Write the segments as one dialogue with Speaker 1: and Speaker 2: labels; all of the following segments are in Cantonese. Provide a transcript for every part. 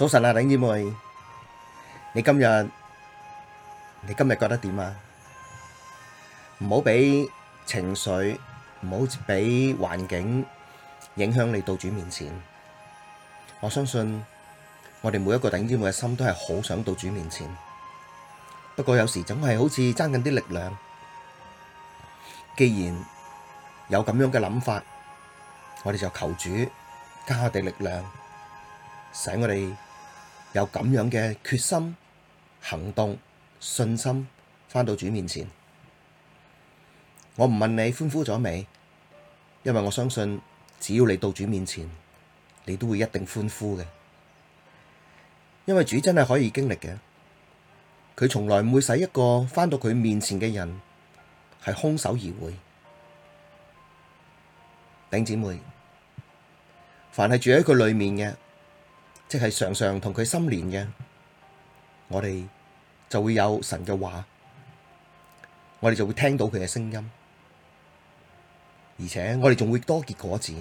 Speaker 1: 早晨啊，弟姊妹，你今日你今日覺得點啊？唔好俾情緒，唔好俾環境影響你到主面前。我相信我哋每一個弟姊妹嘅心都係好想到主面前，不過有時總係好似爭緊啲力量。既然有咁樣嘅諗法，我哋就求主加我哋力量，使我哋。有咁樣嘅決心、行動、信心，返到主面前。我唔問你歡呼咗未，因為我相信只要你到主面前，你都會一定歡呼嘅。因為主真係可以經歷嘅，佢從來唔會使一個返到佢面前嘅人係空手而回。頂姊妹，凡係住喺佢裏面嘅。即係常常同佢心連嘅，我哋就會有神嘅話，我哋就會聽到佢嘅聲音，而且我哋仲會多結果子。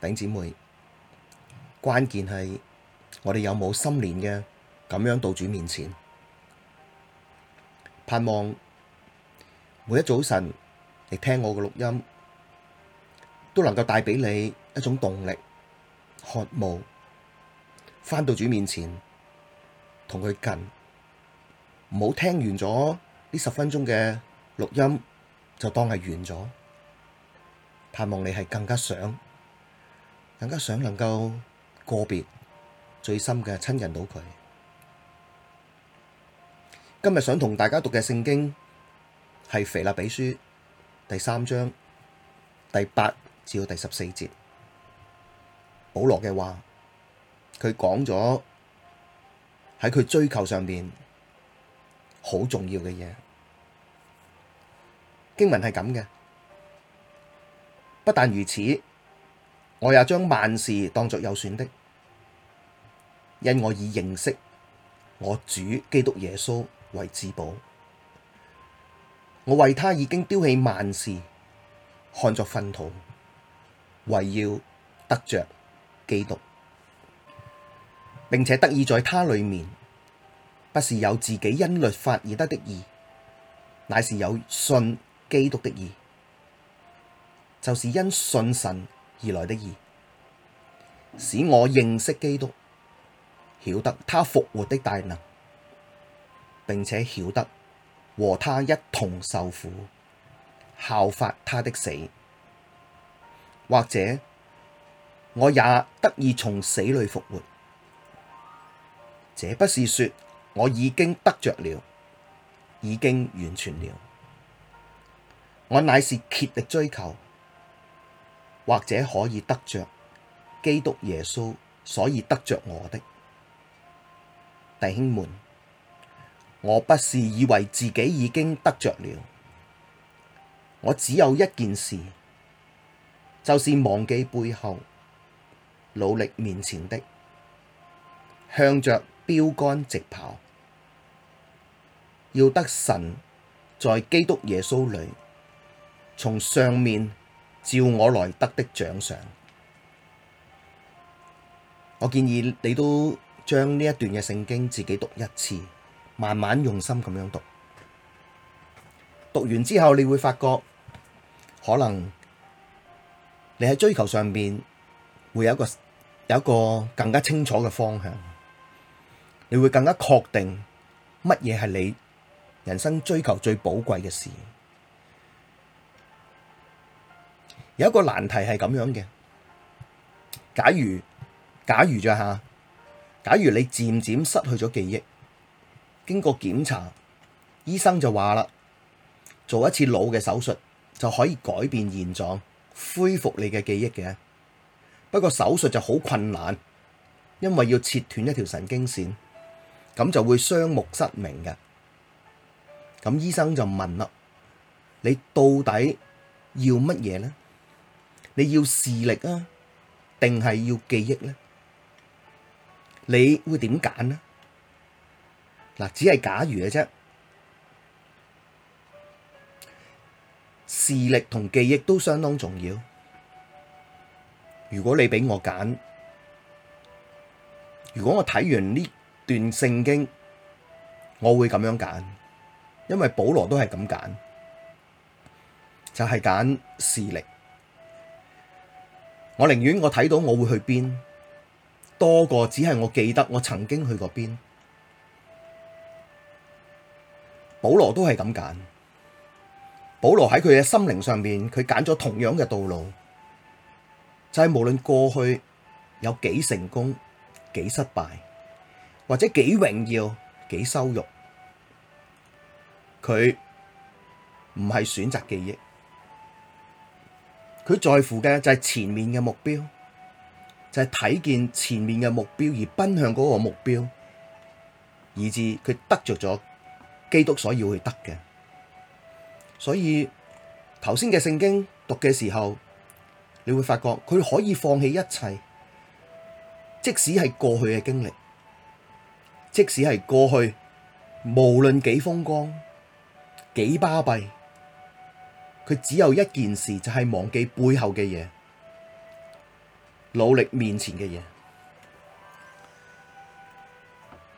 Speaker 1: 弟姊妹，關鍵係我哋有冇心連嘅咁樣到主面前，盼望每一早晨嚟聽我嘅錄音，都能夠帶俾你一種動力。渴慕返到主面前，同佢近，唔好聽完咗呢十分鐘嘅錄音就當係完咗。盼望你係更加想，更加想能夠個別最深嘅親人到佢。今日想同大家讀嘅聖經係《腓立比書》第三章第八至到第十四節。保羅嘅話，佢講咗喺佢追求上面好重要嘅嘢。經文係咁嘅，不但如此，我也將萬事當作有損的，因我以認識我主基督耶穌為至寶。我為他已經丟棄萬事，看作糞土，為要得着。基督，並且得以在他裡面，不是有自己因律法而得的義，乃是有信基督的義，就是因信神而來的義，使我認識基督，曉得他復活的大能，並且曉得和他一同受苦，效法他的死，或者。我也得以從死裡復活。這不是說我已經得着了，已經完全了。我乃是竭力追求，或者可以得着基督耶穌，所以得着我的。弟兄們，我不是以為自己已經得着了，我只有一件事，就是忘記背後。努力面前的，向着標竿直跑，要得神在基督耶穌裡從上面召我來得的獎賞。我建議你都將呢一段嘅聖經自己讀一次，慢慢用心咁樣讀。讀完之後，你會發覺可能你喺追求上面會有一個。有一個更加清楚嘅方向，你會更加確定乜嘢係你人生追求最寶貴嘅事。有一個難題係咁樣嘅，假如假如就吓，假如你漸漸失去咗記憶，經過檢查，醫生就話啦，做一次腦嘅手術就可以改變現狀，恢復你嘅記憶嘅。不過手術就好困難，因為要切斷一條神經線，咁就會雙目失明嘅。咁醫生就問啦：你到底要乜嘢呢？你要視力啊，定係要記憶呢？你會點揀呢？嗱，只係假如嘅啫，視力同記憶都相當重要。如果你俾我揀，如果我睇完呢段聖經，我會咁樣揀，因為保羅都係咁揀，就係揀視力。我寧願我睇到我會去邊，多過只係我記得我曾經去過邊。保羅都係咁揀，保羅喺佢嘅心靈上面，佢揀咗同樣嘅道路。就係無論過去有幾成功、幾失敗，或者幾榮耀、幾羞辱，佢唔係選擇記憶，佢在乎嘅就係前面嘅目標，就係睇見前面嘅目標而奔向嗰個目標，以致佢得着咗基督所要去得嘅。所以頭先嘅聖經讀嘅時候。你會發覺佢可以放棄一切，即使係過去嘅經歷，即使係過去，無論幾風光、幾巴閉，佢只有一件事就係忘記背後嘅嘢，努力面前嘅嘢。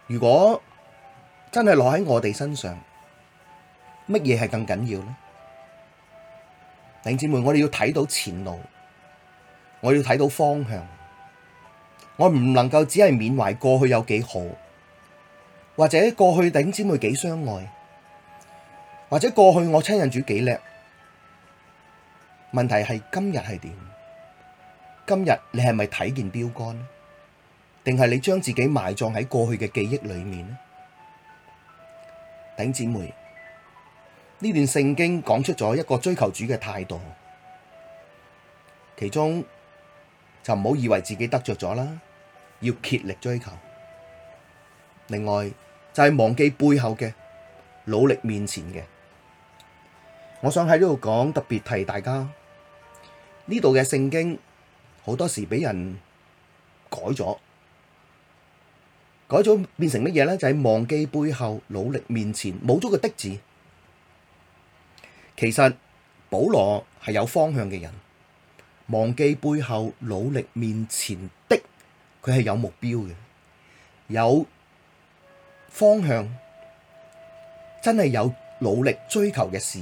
Speaker 1: 如果真係落喺我哋身上，乜嘢係更緊要呢？弟兄姊妹，我哋要睇到前路。我要睇到方向，我唔能夠只係緬懷過去有幾好，或者過去頂姊妹幾相愛，或者過去我親近主幾叻。問題係今日係點？今日你係咪睇見標竿？定係你將自己埋葬喺過去嘅記憶裡面呢？頂姊妹，呢段聖經講出咗一個追求主嘅態度，其中。就唔好以為自己得着咗啦，要竭力追求。另外就係忘記背後嘅努力面前嘅。我想喺呢度講，特別提大家呢度嘅聖經好多時俾人改咗，改咗變成乜嘢咧？就係忘記背後努力面前，冇咗個的字。其實保羅係有方向嘅人。忘記背後努力面前的，佢係有目標嘅，有方向，真係有努力追求嘅事。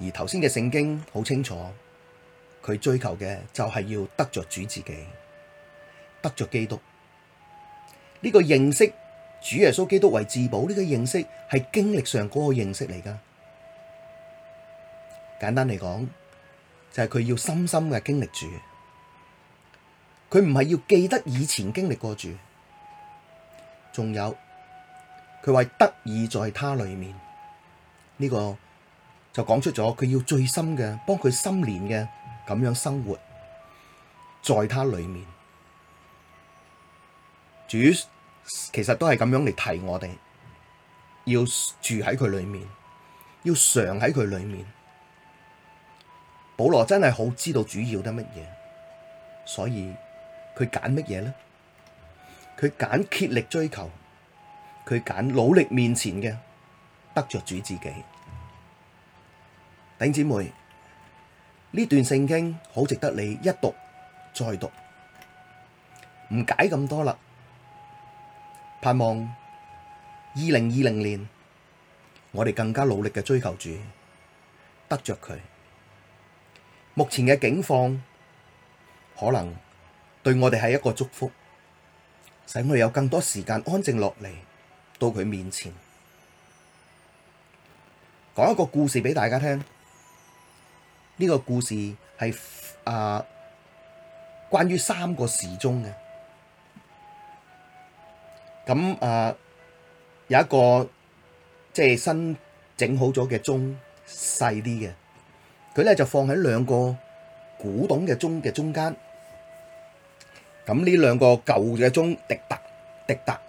Speaker 1: 而頭先嘅聖經好清楚，佢追求嘅就係要得着主自己，得着基督。呢個認識主耶穌基督為至寶，呢個認識係經歷上嗰個認識嚟噶。簡單嚟講。就係佢要深深嘅經歷住，佢唔係要記得以前經歷過住，仲有佢話得以在他裏面呢個就講出咗佢要最深嘅幫佢心連嘅咁樣生活，在他裏面。主其實都係咁樣嚟，提我哋，要住喺佢裏面，要常喺佢裏面。保羅真係好知道主要得乜嘢，所以佢揀乜嘢呢？佢揀竭力追求，佢揀努力面前嘅得着主自己。頂姊妹，呢段聖經好值得你一讀再讀，唔解咁多啦。盼望二零二零年，我哋更加努力嘅追求主，得着佢。目前嘅境況可能對我哋係一個祝福，使我哋有更多時間安靜落嚟，到佢面前，講一個故事俾大家聽。呢個故事係啊關於三個時鐘嘅，咁啊有一個即係新整好咗嘅鐘細啲嘅。佢咧就放喺兩個古董嘅鐘嘅中間，咁呢兩個舊嘅鐘滴答滴答，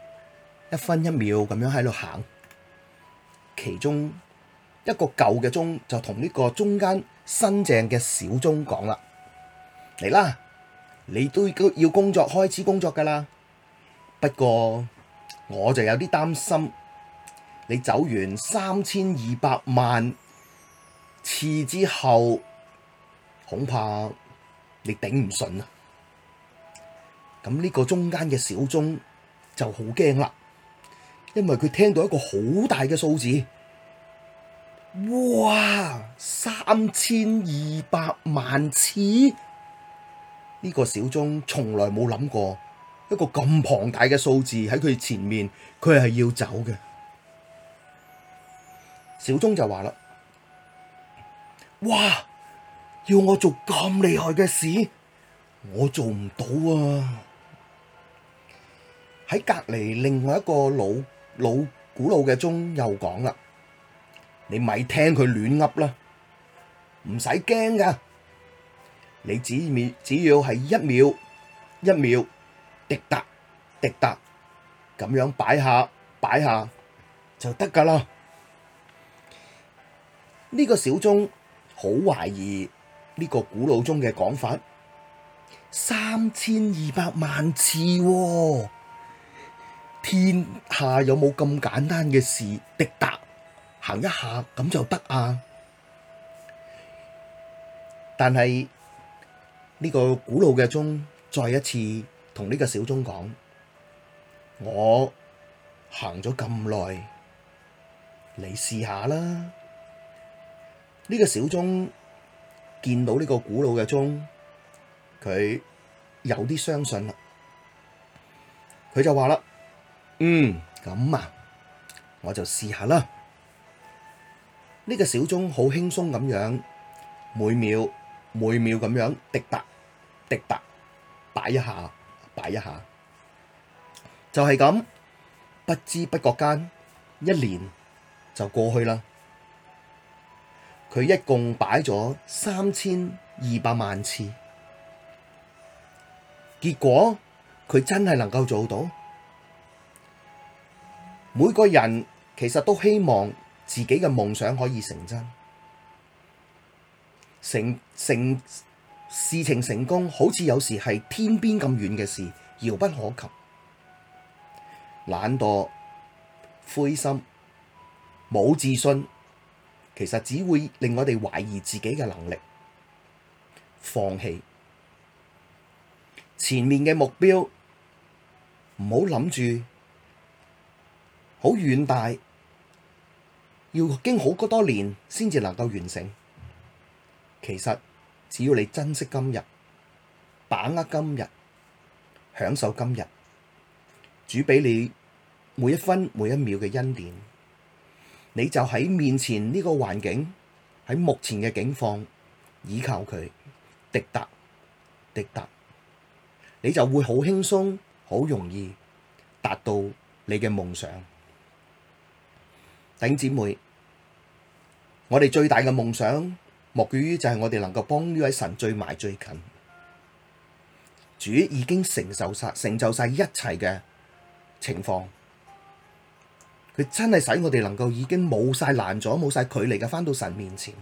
Speaker 1: 一分一秒咁樣喺度行。其中一個舊嘅鐘就同呢個中間新淨嘅小鐘講啦：嚟啦，你都要要工作，開始工作噶啦。不過我就有啲擔心，你走完三千二百萬。次之後，恐怕你頂唔順啦。咁呢個中間嘅小鐘就好驚啦，因為佢聽到一個好大嘅數字，哇，三千二百萬次！呢個小鐘從來冇諗過一個咁龐大嘅數字喺佢前面，佢係要走嘅。小鐘就話啦。哇！要我做咁厲害嘅事，我做唔到啊！喺隔籬另外一個老老古老嘅鐘又講啦，你咪聽佢亂噏啦，唔使驚噶，你只秒只要係一秒一秒滴答滴答咁樣擺下擺下就得噶啦，呢、這個小鐘。好懷疑呢個古老鐘嘅講法，三千二百萬次啊，天下有冇咁簡單嘅事？滴答，行一下咁就得啊！但係，呢個古老嘅鐘再一次同呢個小鐘講：我行咗咁耐，你試下啦。呢個小鐘見到呢個古老嘅鐘，佢有啲相信啦。佢就話啦，嗯，咁啊，我就試下啦。呢個小鐘好輕鬆咁樣，每秒每秒咁樣滴答滴答擺一下擺一下，就係咁，不知不覺間，一年就過去啦。佢一共擺咗三千二百萬次，結果佢真係能夠做到。每個人其實都希望自己嘅夢想可以成真，成成事情成功，好似有時係天邊咁遠嘅事，遙不可及。懶惰、灰心、冇自信。其實只會令我哋懷疑自己嘅能力，放棄前面嘅目標，唔好諗住好遠大，要經好多年先至能夠完成。其實只要你珍惜今日，把握今日，享受今日，主俾你每一分每一秒嘅恩典。你就喺面前呢個環境，喺目前嘅境況，依靠佢，滴答，滴答，你就會好輕鬆，好容易達到你嘅夢想。弟兄姊妹，我哋最大嘅夢想，莫過於就係我哋能夠幫呢位神最埋最近。主已經承受晒成就曬一切嘅情況。佢真係使我哋能夠已經冇晒攔阻，冇晒距離嘅返到神面前。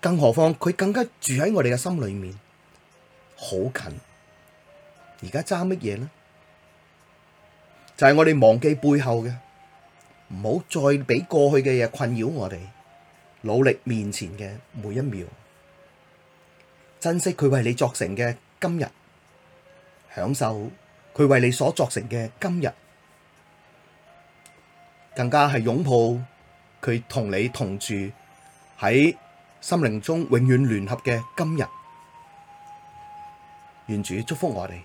Speaker 1: 更何況佢更加住喺我哋嘅心裏面，好近。而家差乜嘢呢？就係、是、我哋忘記背後嘅，唔好再俾過去嘅嘢困擾我哋。努力面前嘅每一秒，珍惜佢為你作成嘅今日，享受佢為你所作成嘅今日。更加係擁抱佢同你同住喺心靈中永遠聯合嘅今日，願主祝福我哋。